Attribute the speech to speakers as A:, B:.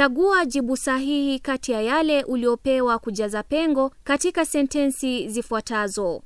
A: Chagua jibu sahihi kati ya yale uliopewa kujaza pengo katika sentensi zifuatazo.